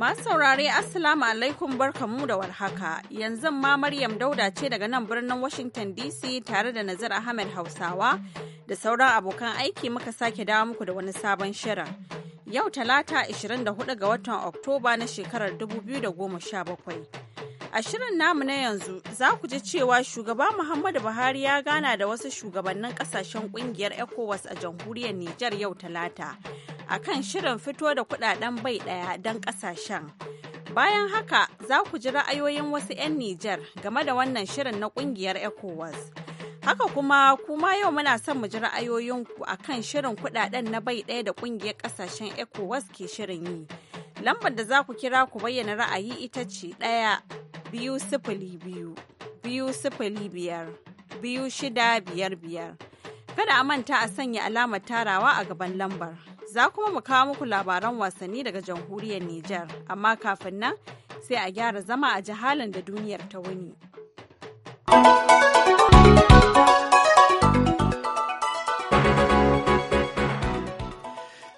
Masu saurare Assalamu alaikum barkamu da warhaka. Yanzu ma Maryam Dauda ce daga nan birnin Washington DC tare da Nazar Ahmed Hausawa da sauran abokan aiki muka sake dawo muku da wani sabon shirin. Yau Talata 24 ga watan Oktoba na shekarar 2017. A shirin namu na yanzu za ku ji cewa shugaba Muhammadu Buhari ya gana da wasu shugabannin kasashen kungiyar ECOWAS a jamhuriyar Nijar yau talata a kan shirin fito da kudaden bai daya don kasashen. Bayan haka za ku ji ra'ayoyin wasu 'yan Nijar game da wannan shirin na kungiyar ECOWAS. Haka kuma kuma yau muna son mu ji ra'ayoyinku a kan shirin kudaden na bai daya da kungiyar kasashen ECOWAS ke shirin yi. Lambar da za ku kira ku bayyana ra'ayi ita ce ɗaya biyu sifili biyu biyu sifili biyar biyu shida biyar biyar. Kada a manta a sanya alamar tarawa a gaban lambar. Za kuma mu kawo muku labaran wasanni daga jamhuriyar Nijar, amma kafin nan sai a gyara zama a jihalin da duniyar ta wuni.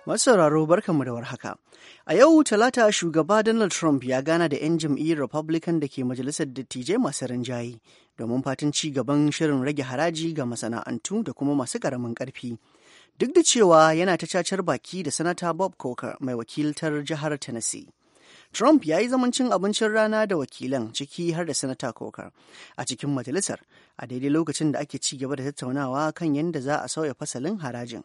Masauraro barkanmu da warhaka. A yau talata shugaba Donald Trump ya gana da 'yan jam'iyyar Republican da ke majalisar dattijai masu rinjaye domin fatan ci gaban shirin rage haraji ga masana'antu da kuma masu ƙaramin ƙarfi. Duk da cewa yana ta cacar baki da Sanata Bob Coker mai wakiltar jihar Tennessee. Trump ya yi zamancin abincin rana da wakilan ciki har da Sanata Coker a cikin majalisar a daidai lokacin da ake ci gaba da tattaunawa kan yadda za a sauya fasalin harajin.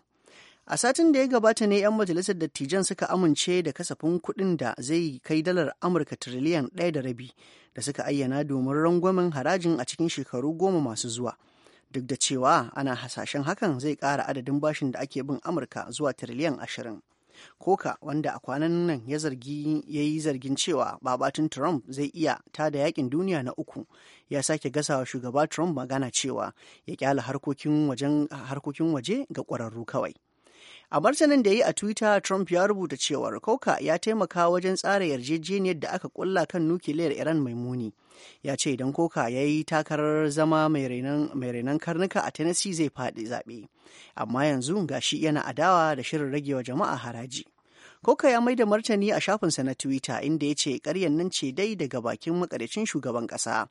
A satin da ya gabata ne 'yan majalisar dattijan suka amince da kasafin kuɗin da zai kai dalar Amurka tiriliyan ɗaya da rabi da suka ayyana domin rangwamen harajin a cikin shekaru goma masu zuwa. Duk da cewa ana hasashen hakan zai kara adadin bashin da ake bin Amurka zuwa tiriliyan ashirin. Koka wanda a kwanan nan ya zargi ya yi zargin cewa babatun Trump zai iya tada yakin duniya na uku ya sake gasawa shugaba Trump magana cewa ya kyala harkokin waje ga kwararru kawai. A martanin da ya yi a Twitter, Trump ya rubuta cewar Koka ya taimaka wajen tsara yarjejeniyar da aka kulla kan nukiliyar Iran mai muni. Ya ce idan Koka ya yi takarar zama mai renon karnuka a Tennessee zai faɗi zaɓe. Amma yanzu gashi yana adawa da shirin ragewa jama'a haraji. Koka ya maida martani a shafinsa na Twitter inda ya ce ƙaryan nan ce dai daga bakin makarancin shugaban ƙasa.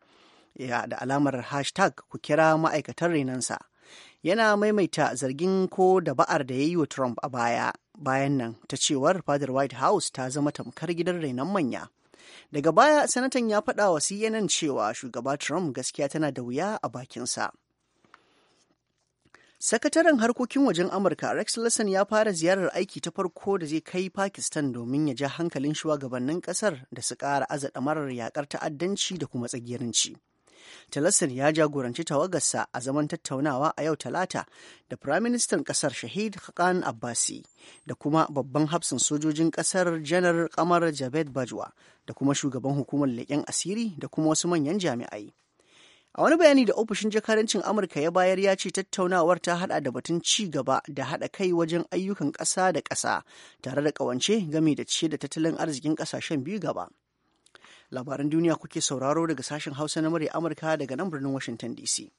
Ya da alamar hashtag ku kira ma'aikatan renonsa. yana maimaita zargin ko da ba'ar da ya yi wa Trump a baya. Bayan nan ta cewar fadar White House ta zama tamkar gidan rainon manya. Daga baya, sanatan ya faɗa wa CNN cewa shugaba Trump gaskiya tana da wuya a bakinsa. Sakataren harkokin wajen Amurka Rex Lesson ya fara ziyarar aiki ta farko da zai kai Pakistan domin ya ja hankalin shugabannin kasar da su ƙara azaɗa marar yakar ta'addanci da kuma tsagirinci. Tillerson ya jagoranci tawagarsa a zaman tattaunawa a yau Talata da Firaministan ƙasar Shahid Khan Abbasi da kuma babban Hafsan sojojin ƙasar Janar Kamar Javed Bajwa da kuma shugaban hukumar leƙen asiri da kuma wasu manyan jami'ai. A wani bayani da ofishin jakadancin Amurka ya bayar ya ce tattaunawar ta haɗa da batun ci gaba da haɗa kai wajen ayyukan ƙasa da ƙasa tare da ƙawance game da ce da tattalin arzikin ƙasashen biyu gaba. labaran duniya kuke sauraro daga sashen hausa na murya amurka daga nan birnin washington dc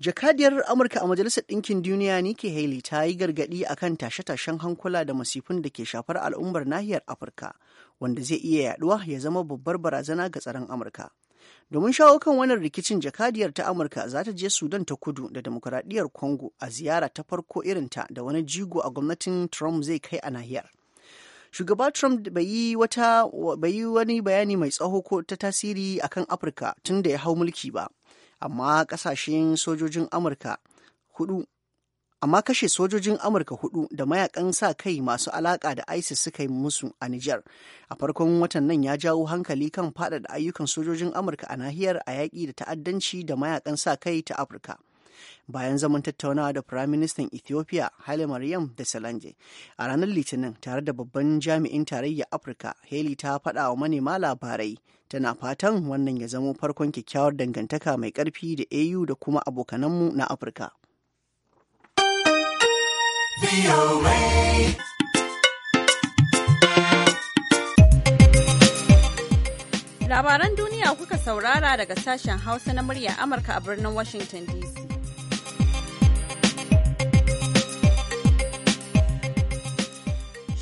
jakadiyar amurka a majalisar ɗinkin duniya nike haley ta yi gargaɗi akan tashe-tashen hankula da masifin da ke shafar al'ummar nahiyar afirka wanda zai iya yaduwa ya zama babbar barazana ga tsaron amurka domin shawo kan wannan rikicin jakadiyar ta amurka za ta je sudan ta kudu da demokuraɗiyyar congo a ziyara ta farko irinta da wani jigo a gwamnatin trump zai kai a nahiyar shugaba trump bai yi wani bayani mai tsaho ko ta tasiri akan afirka tun da ya hau mulki ba amma kasashen sojojin amurka hudu amma kashe sojojin amurka hudu da mayakan sa kai masu alaka da isis suka yi musu a niger a farkon watan nan ya jawo hankali kan faɗaɗa ayyukan sojojin amurka a nahiyar a yaƙi da ta'addanci da mayakan sa kai ta afirka bayan zaman tattaunawa da firaministan ethiopia haile mariam da salange a ranar litinin tare da babban jami'in tarayya afirka haley ta faɗa wa manema labarai tana fatan wannan ya zamo farkon kyakkyawar dangantaka mai ƙarfi da au da kuma abokananmu na afirka Labaran duniya kuka saurara daga sashen Hausa na murya Amurka a birnin Washington DC.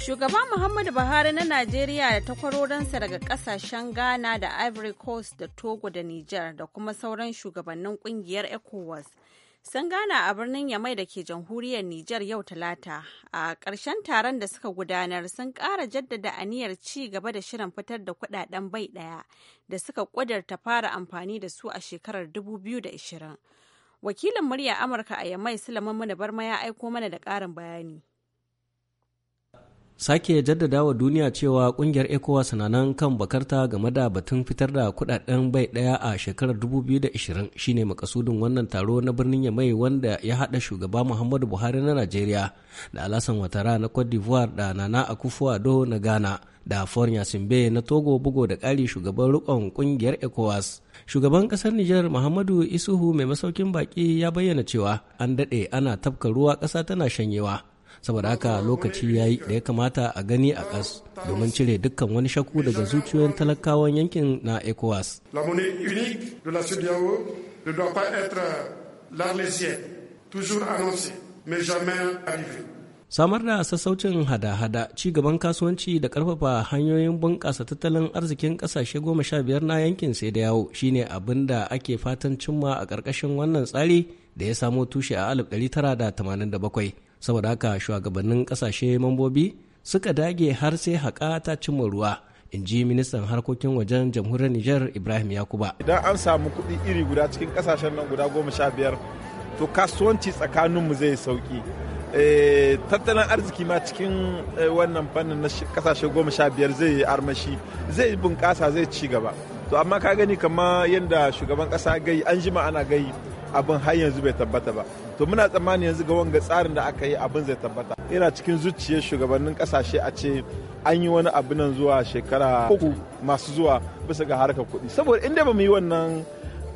Shugaba Muhammadu Buhari na Najeriya da takwarorinsa daga kasashen Ghana da Ivory Coast da Togo da Nijar da kuma sauran shugabannin kungiyar ECOWAS sun gana a birnin Yamai da ke jamhuriyar Nijar yau Talata. A ƙarshen taron da suka gudanar sun ƙara jaddada aniyar ci gaba da shirin fitar da kuɗaɗen bai ɗaya da suka ƙudurta fara amfani da su a shekarar 2020. Wakilin murya Amurka a Yamai Sulaiman Mana Barma ya aiko mana da ƙarin bayani. sake jaddada wa duniya cewa kungiyar ecowas na nan kan bakarta game da batun fitar da kudaden bai daya a shekarar 2020 shine makasudin wannan taro na birnin yamai wanda ya hada shugaba muhammadu buhari na nigeria da alasan watara na cote d'ivoire da nana akufo do na ghana da foreign simbe na togo bugo da kari shugaban rikon kungiyar ecowas shugaban kasar niger muhammadu isuhu mai masaukin baki ya bayyana cewa an daɗe ana tafka ruwa ƙasa tana shanyewa saboda haka lokaci ya yi da ya kamata a gani a ƙas domin cire dukkan wani shakku daga zuciyoyin talakawan yankin na ecowas samar da sassaucin hada-hada ci gaban kasuwanci da karfafa hanyoyin bunƙasa tattalin arzikin ƙasashe goma sha biyar na yankin sai da yawo shine abin da ake fatan cimma a ƙarƙashin wannan tsari da ya samo tushe a 1987 saboda haka shugabannin kasashe mambobi suka dage har sai haƙa ta cimma ruwa in ji ministan harkokin wajen jamhuriyar nijar ibrahim yakuba idan an samu kuɗi iri guda cikin kasashen nan guda goma sha biyar to kasuwanci tsakaninmu zai sauki eh, tattalin arziki ma cikin eh, wannan fannin na kasashe goma sha biyar zai armashi zai bunƙasa zai ci gaba to amma ka gani kama yadda shugaban ƙasa gai an jima ana gai abin har yanzu bai tabbata ba to muna tsammani yanzu ga wanga tsarin da aka yi abin zai tabbata ina cikin zuciyar shugabannin kasashe a ce an yi wani abu nan zuwa shekara uku masu zuwa bisa ga harkar kuɗi saboda inda ba mu yi wannan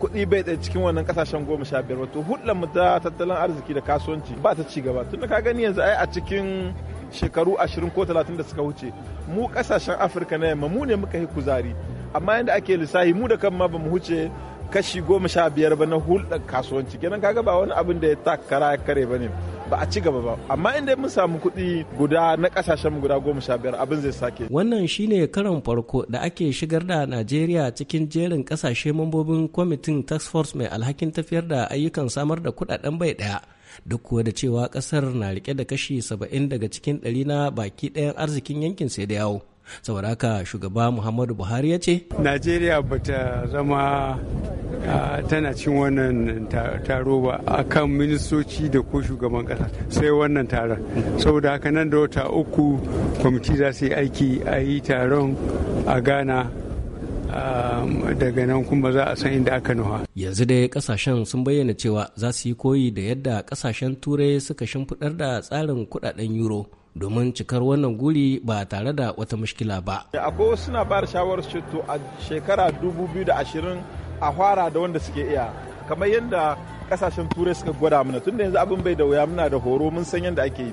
kuɗi bai ɗaya cikin wannan kasashen goma sha biyar wato hulɗar mu ta tattalin arziki da kasuwanci ba ta ci gaba tun da ka gani yanzu ai a cikin shekaru ashirin ko talatin da suka wuce mu kasashen afirka na yamma mu ne muka yi kuzari amma yadda ake lissahi mu da kan ma ba mu huce kashi goma sha biyar ba na hulɗar kasuwanci kenan kaga ba wani abin da ya takara ya kare ba ne ba a ci gaba ba amma inda mun samu kuɗi guda na ƙasashen guda goma sha biyar abin zai sake wannan shine karon farko da ake shigar da najeriya cikin jerin ƙasashe mambobin kwamitin task force mai alhakin tafiyar da ayyukan samar da kuɗaɗen bai ɗaya duk kuwa da cewa kasar na rike da kashi saba'in daga cikin ɗari na baki ɗayan arzikin yankin sai da yawo saboda haka shugaba muhammadu buhari ya ce najeriya ba ta zama tana cin wannan taro ba akan ministoci da ko shugaban kasa sai wannan taron saboda haka nan da wata uku kwamiti za su yi aiki a yi taron a ghana daga nan kuma za a san inda aka nuha. Yanzu dai kasashen sun bayyana cewa za su yi koyi da yadda kasashen turai suka shimfiɗar da tsarin kuɗaɗen euro domin cikar wannan guri ba tare da wata mushkila ba. Akwai wasu suna bayar shawarar ceto a shekara 2020 a fara da wanda suke iya kamar yadda kasashen turai suka gwada mana tunda yanzu abin bai da wuya muna da horo mun san yadda ake yi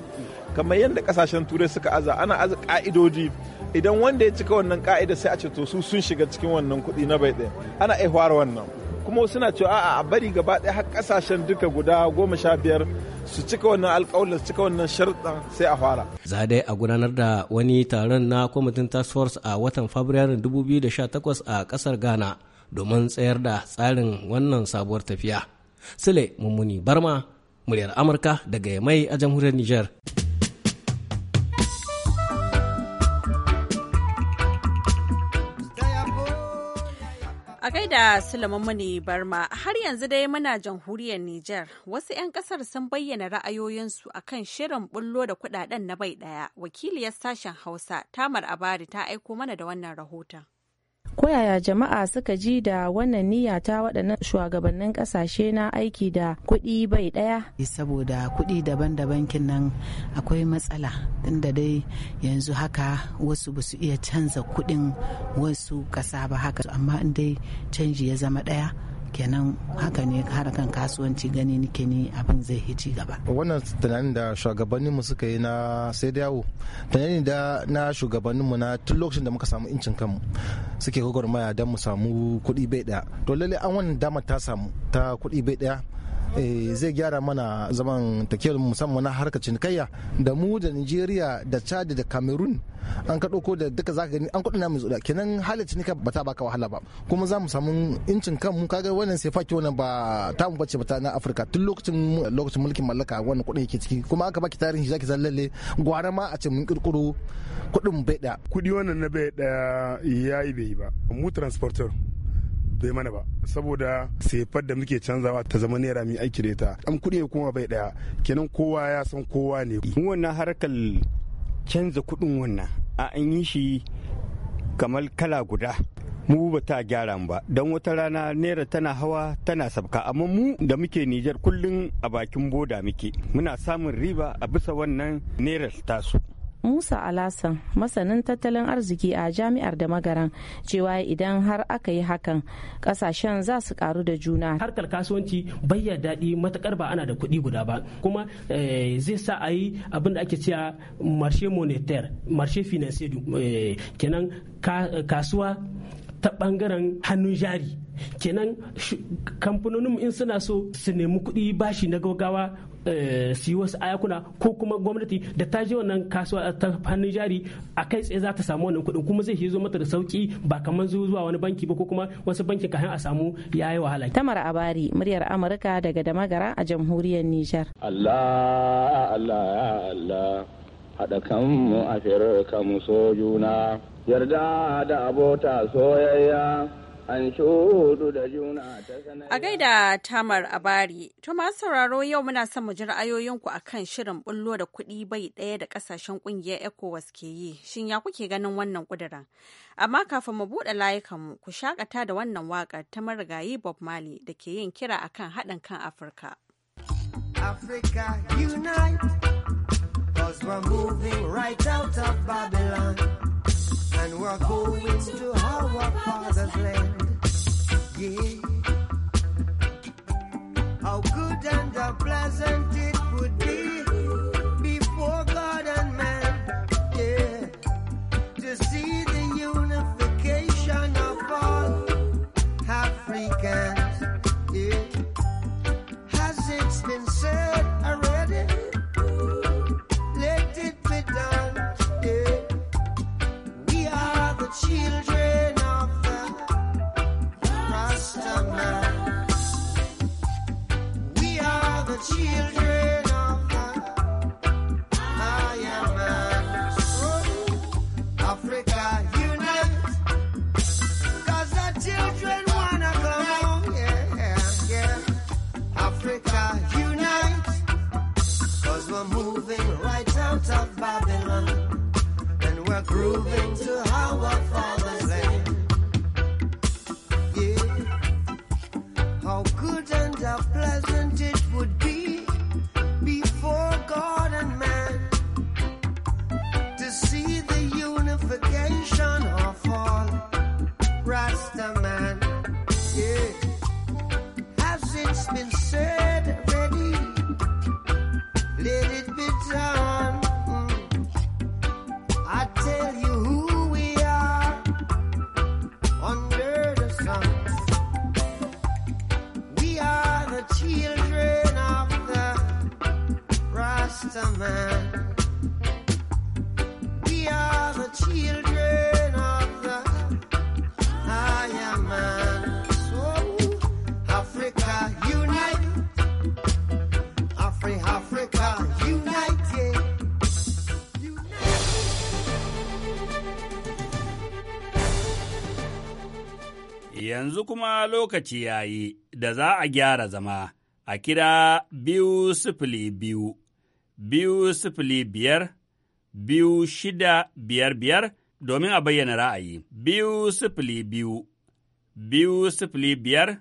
kamar yadda kasashen turai suka aza ana aza ka'idoji idan wanda ya cika wannan ka'ida sai a ce to su sun shiga cikin wannan kuɗi na bai ɗaya ana iya fara wannan kuma suna cewa a bari gaba ɗaya har kasashen duka guda goma sha biyar su cika wannan alƙawalin su cika wannan sharuɗan sai a fara. Za a gudanar da wani taron na kwamitin task force a watan Fabrairun 2018 a ƙasar Ghana domin tsayar da tsarin wannan sabuwar tafiya. Sule Mummuni Barma, muryar Amurka daga Yamai a jamhuriyar Nijar. Sulaiman Barma har yanzu dai muna jamhuriyar Nijar wasu 'yan kasar sun bayyana ra'ayoyinsu akan shirin bullo da kudaden na bai daya wakiliyar sashen Hausa Tamar Abari ta aiko mana da wannan rahoton. koyaya jama'a suka ji da wannan niyya ta waɗannan shugabannin ƙasashe na aiki da kuɗi bai ɗaya eh, saboda kuɗi daban-daban nan akwai matsala tunda dai yanzu haka wasu ba su iya canza kuɗin wasu ƙasa ba haka amma in dai canji ya zama ɗaya kenan haka ne harkan kasuwanci gani nike ni abin zai yi ci gaba wannan tunanin da shugabanninmu suka yi na sai da yawo tunanin da na shugabanninmu na tun lokacin da muka samu incin kanmu suke gwagwarmaya don mu samu kuɗi bai ɗaya to lalle an wannan dama ta samu ta kuɗi bai ɗaya Eh, zai gyara mana zaman takiyar musamman na harkar cinikayya da mu da nigeria da chad da cameroon an ka ɗauko da duka zaka gani an kuɗi na mai kenan halin cinika ba ta baka wahala ba kuma za mu samu incin kanmu kaga wannan sai faki wannan ba ta mu bace ba ta na afirka tun lokacin lokacin mulkin mallaka wannan kuɗin yake ciki kuma aka baki tarihi zaki san lalle gwara ma a ce mun kirkiro kuɗin bai ɗaya. kuɗi wannan na bai ɗaya ya yi bai ba mu transporter bai mana ba saboda sefar da muke canzawa ta zama naira mai aiki da ita an kuɗi ya kuma bai ɗaya kenan kowa ya san kowa ne mu wannan harkar canza kuɗin wannan a an yi shi kamar kala guda mu ba ta gyara ba don wata rana naira tana hawa tana sabka amma mu da muke nijar kullum a bakin boda muke muna samun riba a bisa wannan naira tasu musa alasan masanin tattalin arziki a jami'ar da magaran cewa idan har aka yi hakan kasashen za su karu da juna harkar kasuwanci bayyana daɗi matakar ba ana da kuɗi guda ba kuma eh, zai sa a yi abin da ake cewa marshe monetaire marshe financier eh, kenan kasuwa ta bangaren hannun jari kenan kamfanonin in suna so su nemi kuɗi bashi na gaggawa Eh, su wasu ayakuna ko kuma gwamnati da ta je wannan kasuwa ta hannun jari a kai tsaye za ta samu wannan kuɗin kuma zai zo mata da sauki ba kamar zuwa wani banki ba ko kuma wasu bankin kafin a samu ya yi wahala. Tamar Abari muryar Amurka daga Damagara a jamhuriyar Nijar. Allah Allah ya Allah haɗa kanmu a firar kanmu so juna yarda da abota soyayya A gaida tamar a bari, to masu sauraro yau muna son mu ji ra'ayoyinku a kan shirin bullo da kuɗi bai ɗaya da ƙasashen ƙungiyar ECOWAS ke yi, shin ya kuke ganin wannan ƙudurin? Amma kafin mu buɗe layukanmu ku shakata da wannan waƙar ta marigayi Bob Marley da ke yin kira a kan haɗin kan Afirka. Africa unite, and we're going to our Father's land. Yeah. How good and how pleasant it would be. yanzu kuma lokaci ya yi da za a gyara zama a kira biyu sifili biyu, biyu sifili biyar, biyu shida biyar biyar domin a bayyana ra'ayi, biyu sifili biyu, biyu sifili biyar,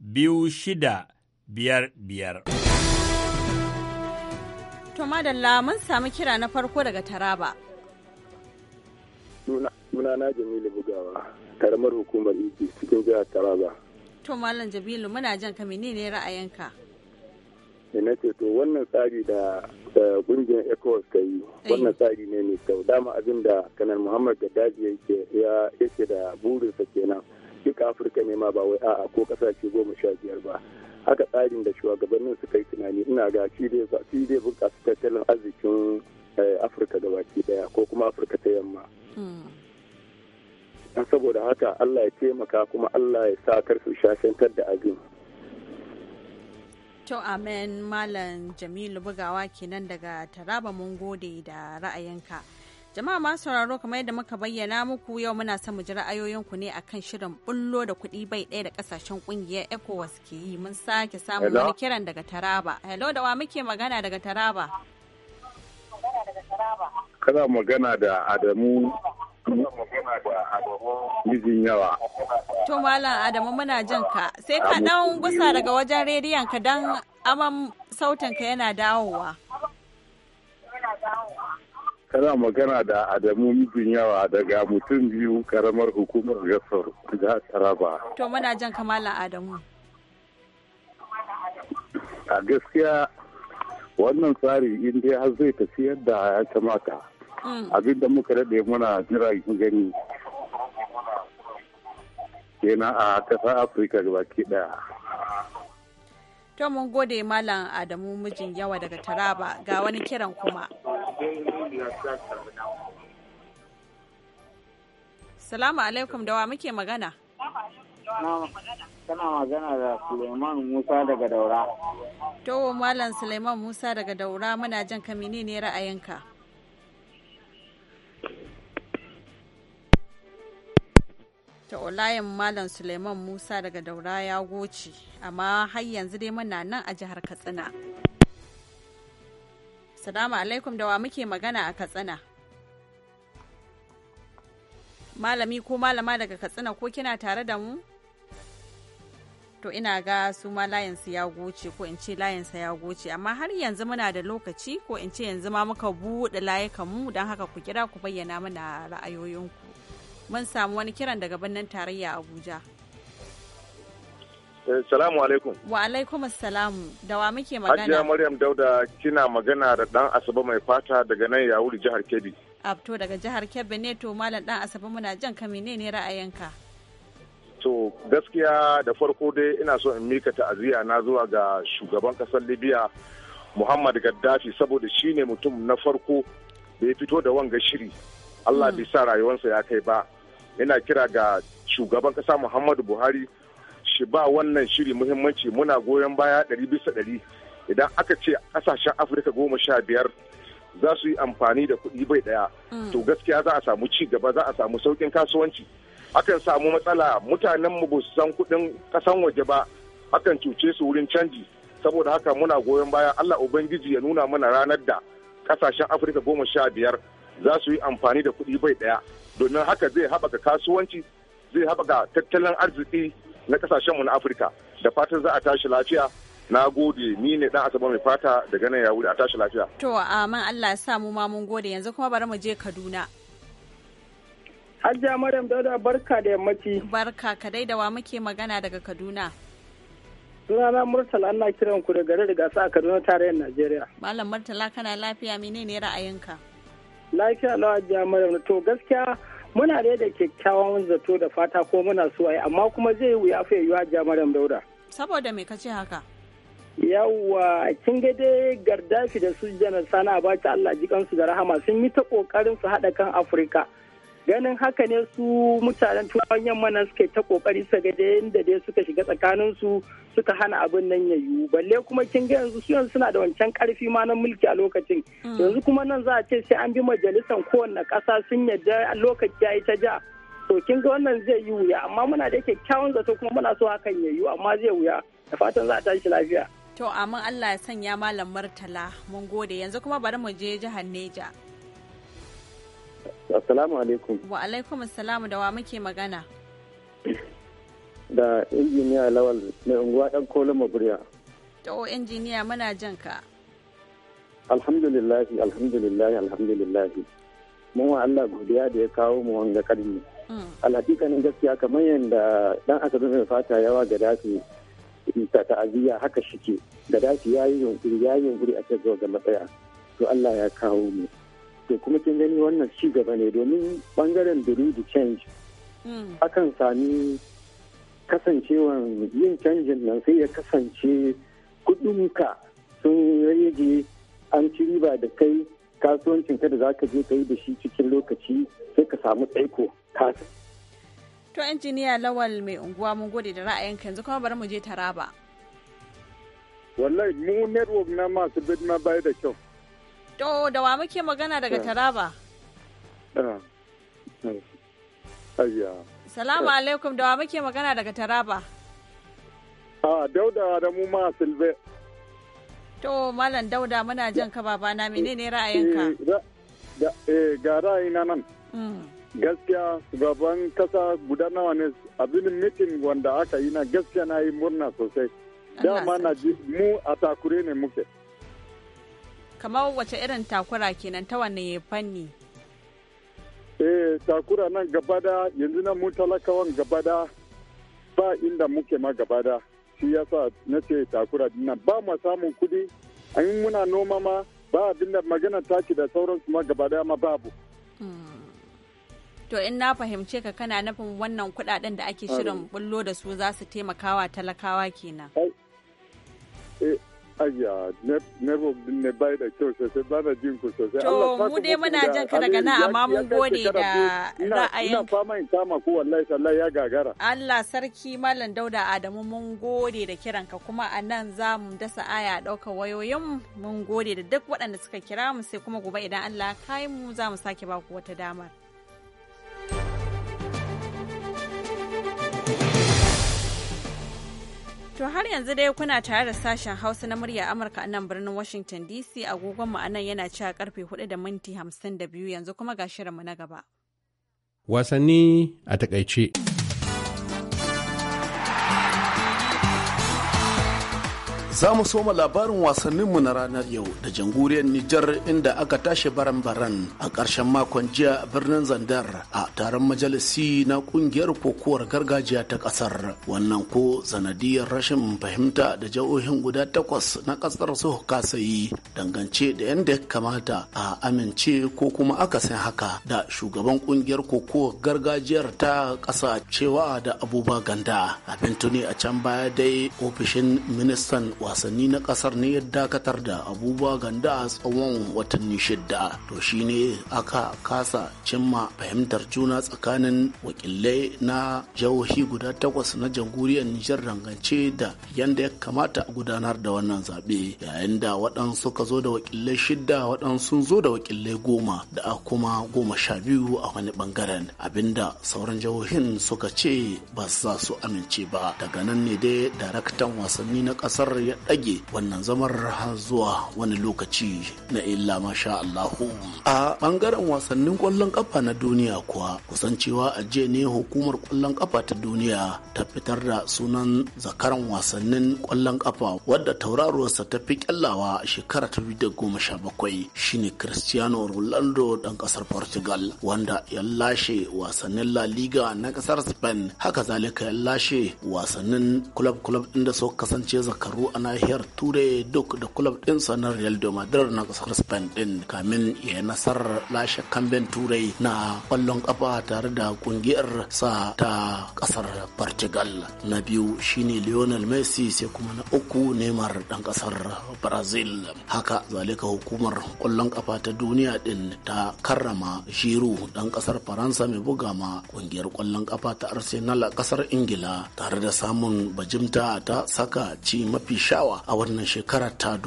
biyu shida biyar biyar. To madalla mun samu kira na farko daga Taraba. Sunana Jamilu Bugawa. karamar hukumar Iji e cikin jihar Taraba. To Malam Jabilu muna jan ka menene ra'ayinka? Na ce to wannan tsari da kungiyar ECOWAS ta yi eh. wannan tsari ne mai kyau dama abin da kanar Muhammad Gaddafi ya yake da burinsa kenan duk Afirka ne ma ba wai a'a ko kasashe goma sha biyar ba. haka tsarin da shugabannin suka yi tunani ina ga shi dai bunƙasa tattalin arzikin eh, afirka da baki daya ko kuma afirka ta yamma hmm. don saboda haka Allah ya taimaka kuma Allah ya sa karfi shashantar da abin To amen Malam Jamilu bugawa kenan daga Taraba mun gode da ra'ayinka. Jama'a masu sauraro kamar yadda muka bayyana muku yau muna son mu ji ra'ayoyinku ne akan shirin bullo da kuɗi bai ɗaya da kasashen ƙungiyar ECOWAS ke yi. Mun sake samun wani kiran daga Taraba. Hello da wa muke magana daga Taraba? Kana magana da Adamu mijin yawa. To Malam Adamu muna jin ka. Sai ka ɗan gusa daga wajen rediyon ka dan aman sautin ka yana dawowa. Kana magana da Adamu mijin yawa daga mutum biyu karamar hukumar gasar da Taraba. To muna jin ka Malam Adamu. A gaskiya wannan tsari in dai har zai tafi yadda ya kamata. Mm. abin da muka daɗe muna jira gani kenan a ƙasar afirka baki ɗaya to mun gode malam adamu mijin yawa daga taraba ga wani kiran kuma salamu alaikum dawa muke magana Kana magana da Suleiman Musa daga Daura. To, Malam Suleiman Musa daga Daura muna jan kamini ne ra'ayinka. ta olayan malam suleiman musa daga daura ya goce amma har yanzu dai muna nan a jihar katsina salamu alaikum da wa muke magana a katsina malami ko malama daga katsina ko kina tare da mu to ina ga su ma layinsu ya goce ko in ce layinsa ya goce amma har yanzu muna da lokaci ko in ce yanzu ma muka buɗe layukanmu don haka ku kira ku bayyana mana ra'ayoyinku mun samu wani kiran daga birnin tarayya Abuja. Eh, salamu alaikum. Wa alaikum assalamu. Da wa muke magana? Hajiya Maryam Dauda kina magana da dan Asabe mai fata daga nan Yawuri jihar Kebbi. Abto daga jihar Kebbi ne to malam dan Asabe muna jan ka ne ra'ayinka? To gaskiya da farko dai ina so in mika ta'aziyya na zuwa ga shugaban kasar Libya Muhammad Gaddafi saboda shine mutum na farko da ya fito da wanga shiri. Allah hmm. bai sa rayuwarsa ya kai ba. yana kira ga shugaban kasa muhammadu buhari shi ba wannan shiri muhimmanci muna goyon baya ɗari bisa ɗari idan aka ce ƙasashen afirka goma sha biyar za su yi amfani da kuɗi bai ɗaya mm. to gaskiya za a samu ci gaba za a samu saukin kasuwanci akan samu matsala mutanen mu su san kuɗin ƙasan waje ba akan cuce su wurin canji saboda haka muna goyon baya allah ubangiji ya nuna mana ranar da ƙasashen afirka goma sha biyar za su yi amfani da kuɗi bai ɗaya domin haka zai haɓaka kasuwanci zai haɓaka tattalin arziki na kasashenmu na afirka da fatan za a tashi lafiya na gode ni ne dan asaba mai fata daga nan ya wuri a tashi lafiya to amin allah ya sa mu ma mun gode yanzu kuma bari mu je kaduna hajja Maryam Dauda barka da yammaci. Barka ka da wa muke magana daga Kaduna. Sunana Murtala ana kiran ku da gare da gasa a Kaduna tarayyar Najeriya. Malam Murtala kana lafiya menene ra'ayinka? lafiya lawa jami'ar to gaskiya muna da da kyakkyawan zato da fata ko muna so ai amma kuma zai wuya fa yiwa da daura saboda me kace haka yawwa kin ga dai gardafi da su janar sana ba ta Allah jikansu da rahama sun yi ta kokarin su hada kan afirka ganin haka ne su mutanen turawan yamma na suke ta kokari su ga da yadda dai suka shiga tsakanin su suka hana abin nan ya yiwu balle kuma kin ga yanzu su yanzu suna da wancan karfi ma na mulki a lokacin mm. yanzu kuma nan za a ce sai an bi majalisan kowanne ƙasa sun yadda lokaci ya yi ta ja to kin ga wannan zai yi wuya amma muna da kyakkyawan zato kuma muna so hakan ya yiwu amma zai wuya da fatan za a tashi lafiya. To amin Allah ya sanya Malam Murtala mun gode yanzu kuma bari mu je jihar Neja. Assalamu alaikum. Wa alaikum assalamu da wa muke magana. da injiniya lawal mai unguwa ɗan kolin maburiya. To injiniya muna jan ka. Alhamdulillahi, alhamdulillahi, alhamdulillahi. Mun wa Allah godiya da ya kawo mu wanga hmm. alhakika ne gaskiya kamar yadda dan aka zama fata yawa ga dafi ta ta'aziyya haka shike da dafi ya yi yunkuri ya yi yunkuri a ce zuwa ga matsaya. To Allah ya kawo mu. To kuma kin gani wannan ci gaba ne domin bangaren Durudu change. Hmm. Akan sami kasancewa yin canjin nan sai ya kasance kudinka sun rage an ci riba da kai kasuwancin ka da za ka je ka yi da shi cikin lokaci sai ka samu tsaiko kasa. To injiniya lawal mai unguwa mun gode da ra'ayinka yanzu kuma bari mu je taraba. Wallahi mu network na masu bidma bai da kyau. To da wa muke magana daga eh. taraba? Eh. Ayya. Salamu alaikum da wa muke magana daga Taraba. A dauda da mu ma silbe. To malam dauda muna jan ka babana menene ra'ayinka? Eh, eh ga ra'ayina nan. Mm. Gaskiya shugaban kasa guda nawa ne abin mitin wanda aka yi na gaskiya na yi murna sosai. Dama na ji mu a takure ne muke. Kamar wace irin takura kenan ta wanne fanni? eh takura nan gaba da yanzu nan mun talakawan gaba da ba inda muke ma gaba da shi yasa na ce takura dinnan ba mu samun kudi an muna noma ma ba abin da magana taki da sauransu ma gaba ma babu to in na fahimce ka kana nufin wannan kudaden da ake shirin bullo da su za su taimakawa talakawa kenan eh, Ayya, ne ne bai da kyau sosai, ba na jin ku sosai. To, mu dai muna jan ka daga nan, amma mun gode da ra'ayin. Ina fama in kama ku wallahi sallai ya gagara. Allah sarki Malam Dauda Adamu mun gode da kiran ka kuma a nan za mu dasa aya ɗaukar wayoyin mun gode da duk waɗanda suka kira mu sai kuma gobe idan Allah kai mu za mu sake ba ku wata damar. To har yanzu dai kuna tare da sashen Hausa na murya Amurka a nan birnin Washington DC agogon mu anan yana ci a karfe 4 da minti 52 yanzu kuma ga shirinmu na gaba. Wasanni a takaice. Za mu soma labarin wasanninmu na ranar yau da jamhuriyar Nijar inda aka tashi baran-baran a ƙarshen makon jiya birnin Zandar a taron majalisi na ƙungiyar kokowar gargajiya ta ƙasar. Wannan ko zanadiyar rashin fahimta da jihohin guda takwas na ƙasar su kasa yi dangance da yadda ya kamata a amince ko kuma aka san haka da shugaban ƙungiyar kokowar gargajiyar ta ƙasa cewa da abubuwa ganda. Abin tuni a can baya dai ofishin ministan wasanni na kasar ne ya dakatar da abubuwa ganda a tsawon watanni shidda to shi ne aka kasa cimma fahimtar juna tsakanin wakilai na jihohi guda takwas na jamhuriyar nijar dangance da yadda ya kamata a gudanar da wannan zaɓe yayin da waɗansu ka zo da wakilai shidda waɗansu zo da wakilai goma da kuma goma sha biyu a wani ɓangaren abinda sauran jihohin suka ce ba za su amince ba daga nan ne dai daraktan wasanni na ƙasar ya ya ɗage wannan zamar zuwa wani lokaci na illa masha Allahu. A ɓangaren wasannin ƙwallon ƙafa na duniya kuwa kusan a jiya ne hukumar ƙwallon ƙafa ta duniya ta fitar da sunan zakaran wasannin ƙwallon ƙafa wadda tauraruwarsa ta fi ƙyallawa a shekara ta da goma sha bakwai shine Cristiano Ronaldo ɗan ƙasar Portugal wanda ya lashe wasannin La Liga na ƙasar Spain haka zalika ya lashe wasannin club club inda suka kasance zakaru a nahiyar turai duk da club ɗinsa na real de madrid na kasar spain din kamin ya nasarar lashe kamben turai na kwallon kafa tare da kungiyar sa ta kasar portugal na biyu shine lionel messi sai kuma na uku neymar dan kasar brazil haka zalika hukumar kwallon kafa ta duniya din ta karrama shiru dan kasar faransa mai buga ma kungiyar kwallon kafa ta arsenal a kasar ingila tare da samun bajimta ta saka ci mafi sha yawa a wannan shekara ta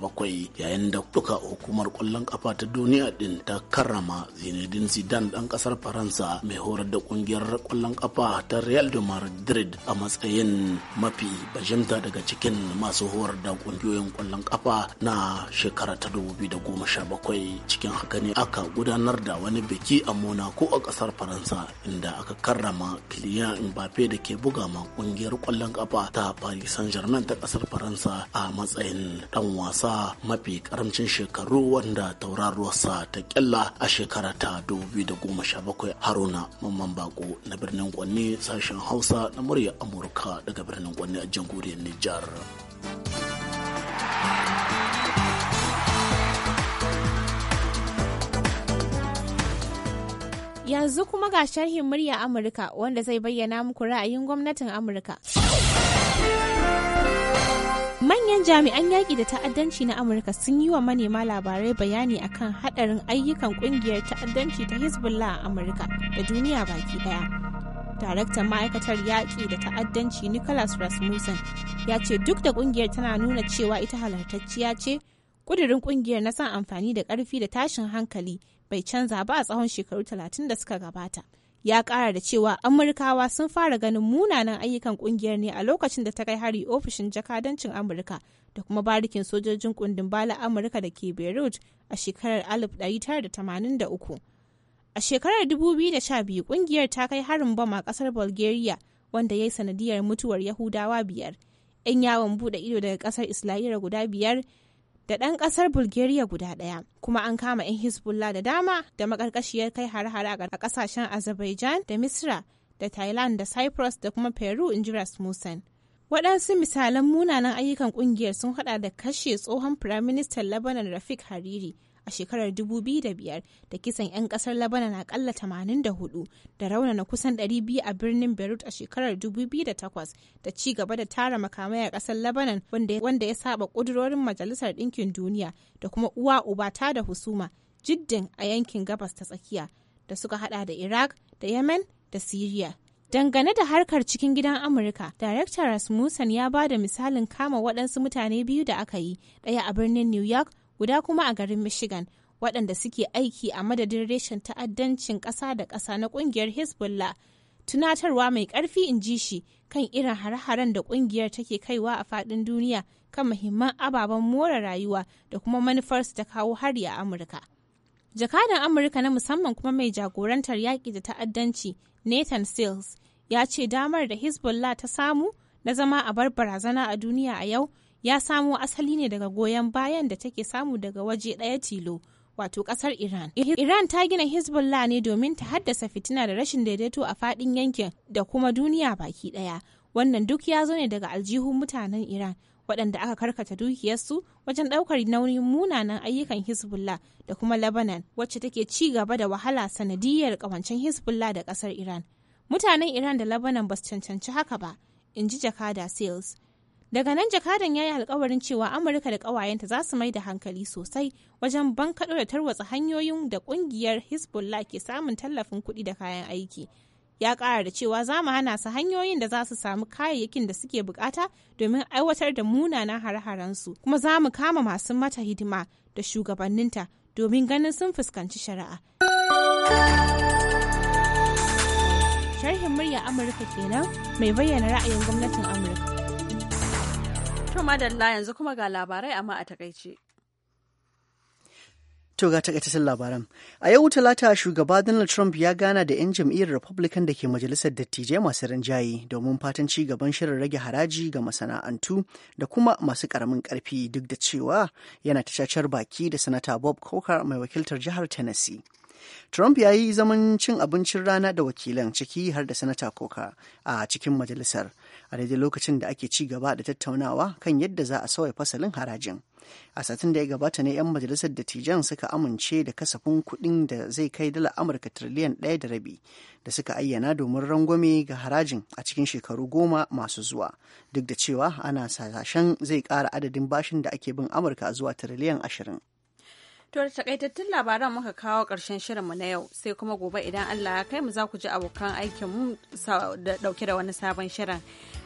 bakwai yayin da duka hukumar kwallon kafa ta duniya din ta karrama zinedine zidane dan kasar faransa mai horar da kungiyar kwallon kafa ta real de madrid a matsayin mafi bajimta daga cikin masu horar da kungiyoyin kwallon kafa na shekara ta bakwai cikin haka ne aka gudanar da wani biki a mona ko a kasar faransa inda aka karrama kiliyan mbappe da ke buga ma kungiyar kwallon kafa ta paris saint Germain ta kasar Faransa a matsayin dan wasa mafi karamcin shekaru wanda tauraruwarsa ta kyalla a shekara ta 2017 Haruna Mamman Bako na birnin Kwanne sashen Hausa na murya Amurka daga birnin Kwanne a jamhuriyar Nijar. Yanzu kuma ga sharhin murya Amurka wanda zai bayyana muku ra'ayin gwamnatin Amurka. manyan jami'an yaƙi da ta'addanci na amurka sun yi wa manema labarai bayani akan haɗarin ayyukan ƙungiyar ta'addanci ta hezbollah a amurka da duniya baki ɗaya daraktan ma'aikatar yaƙi da ta'addanci nicholas rasmussen ya ce duk da ƙungiyar tana nuna cewa ita halartacciya ce ƙudurin ƙungiyar na son amfani da ƙarfi da tashin hankali bai canza ba a tsawon shekaru talatin da suka gabata ya kara da cewa amurkawa sun fara ganin munanan ayyukan kungiyar ne a lokacin da ta kai hari ofishin jakadancin amurka da kuma barikin sojojin kundin bala amurka da ke beirut a shekarar 1983 a shekarar 2012 kungiyar ta kai harin bam a kasar bulgaria wanda ya yi sanadiyar mutuwar yahudawa biyar 'yan yawon bude ido daga kasar isra'ila guda biyar da ɗan ƙasar Bulgaria guda ɗaya. Kuma an kama 'yan Hezbollah da dama da maƙarƙashiyar kai hare-hare a ƙasashen Azerbaijan da Misra da Thailand da Cyprus da kuma Peru in ji Rasmussen. Waɗansu misalan munanan ayyukan ƙungiyar sun haɗa da kashe tsohon Firaministan Lebanon Rafik Hariri a shekarar 2005 da kisan 'yan kasar Lebanon akalla 84 da raunana kusan 200 a birnin Beirut a shekarar 2008 da ci gaba da tara makamai a kasar Lebanon wanda ya saba kudurorin Majalisar Dinkin Duniya da kuma uwa uba da husuma jiddin a yankin gabas ta tsakiya da suka hada da Iraq da Yemen da Syria. Dangane da harkar cikin gidan Amurka, director Rasmussen ya ba da misalin kama waɗansu mutane biyu da aka yi, ɗaya a birnin New York, guda kuma a garin Michigan, waɗanda suke aiki a madadin reshen ta'addancin ƙasa da ƙasa na ƙungiyar Hezbollah. Tunatarwa mai ƙarfi in ji shi kan irin hare-haren da ƙungiyar take kaiwa a faɗin duniya kan muhimman ababen more rayuwa da kuma manufarsu ta kawo hari a Amurka. Jakadan Amurka na musamman kuma mai jagorantar yaƙi da ta'addanci Nathan Sales ya ce damar da Hezbollah ta samu na zama a bar barazana a duniya a yau ya samo asali ne daga goyon bayan da take samu daga waje ɗaya tilo wato ƙasar Iran. Iran ta gina Hezbollah ne domin ta haddasa fitina da rashin daidaito a faɗin yankin da kuma duniya baki ɗaya. Wannan duk ya zo ne daga aljihun mutanen Iran waɗanda aka karkata dukiyarsu wajen ɗaukar nauyin munanan ayyukan Hezbollah da kuma Lebanon wacce take ci gaba da wahala sanadiyar ƙawancen Hezbollah da ƙasar Iran. Mutanen Iran da Lebanon ba su cancanci haka ba, in ji Jakada Sales. daga nan jakadan ya yi alkawarin cewa amurka da kawayenta za su mai da hankali sosai wajen bankaɗo da tarwatsa hanyoyin da ƙungiyar hezbollah ke samun tallafin kuɗi da kayan aiki ya ƙara da cewa za mu hana su hanyoyin da za su samu kayayyakin da suke bukata domin aiwatar da munanan hare-harensu kuma za mu kama masu mata hidima da shugabanninta domin ganin sun fuskanci shari'a. Sharhin murya Amurka kenan mai bayyana ra'ayin gwamnatin Amurka. To madalla yanzu kuma ga labarai amma a takaice. To ga labaran. A yau Talata shugaba Donald Trump ya gana da 'yan jam'iyyar Republican da ke majalisar dattijai masu rinjaye domin fatan ci gaban shirin rage haraji ga masana'antu da kuma masu karamin karfi duk da cewa yana ta cacar baki da sanata Bob Coker mai wakiltar jihar Tennessee. Trump ya yi zaman cin abincin rana da wakilan ciki har da Sanata Koka a cikin majalisar a daidai lokacin da ake ci gaba da tattaunawa kan yadda za a sauya fasalin harajin. A satin da ya gabata ne 'yan majalisar dattijan suka amince da kasafin kuɗin da zai kai dala Amurka tiriliyan ɗaya da rabi da suka ayyana domin rangwame ga harajin a cikin shekaru goma masu zuwa duk da cewa ana sasashen zai ƙara adadin bashin da ake bin Amurka zuwa tiriliyan ashirin. To da takaitattun labaran muka kawo ƙarshen shirinmu na yau sai kuma gobe idan Allah ya kai mu za ku ji abokan aikin mu da dauke da wani sabon shirin.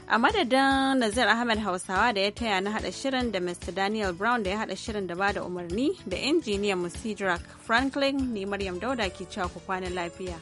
A madadin Nazir Ahmed Hausawa da ya taya na haɗa shirin da Mr. Daniel Brown da ya haɗa shirin da bada umarni da injiniyan mu Franklin ne Maryam Dauda ke cewa ku kwana lafiya.